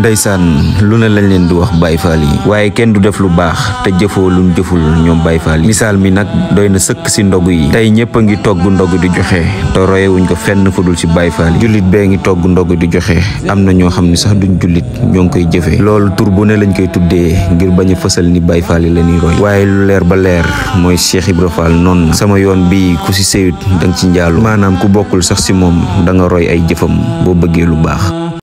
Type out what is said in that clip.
ndeysaan lu ne lañ leen di wax Baye fal yi waaye kenn du def lu baax te jëfoo luñ jëful ñoom Baye fal yi misaal mi nag doy na sëkk si ndog yi tey ñëpp a ngi togg ndog di joxe te royewuñ ko fenn fu dul si Baye Fall yi jullit bee ngi togg ndog di joxe am na ñoo xam ne sax duñ jullit ñoo ngi koy jëfe loolu tur bu ne lañ koy tuddee ngir bañ a fësal ni Baye Fall yi la roy waaye lu leer ba leer mooy Cheikh Ibra Fall noonu na sama yoon bi ku si séyut da ci njaalu maanaam ku bokkul sax si moom da roy ay jëfam boo bëggee lu baax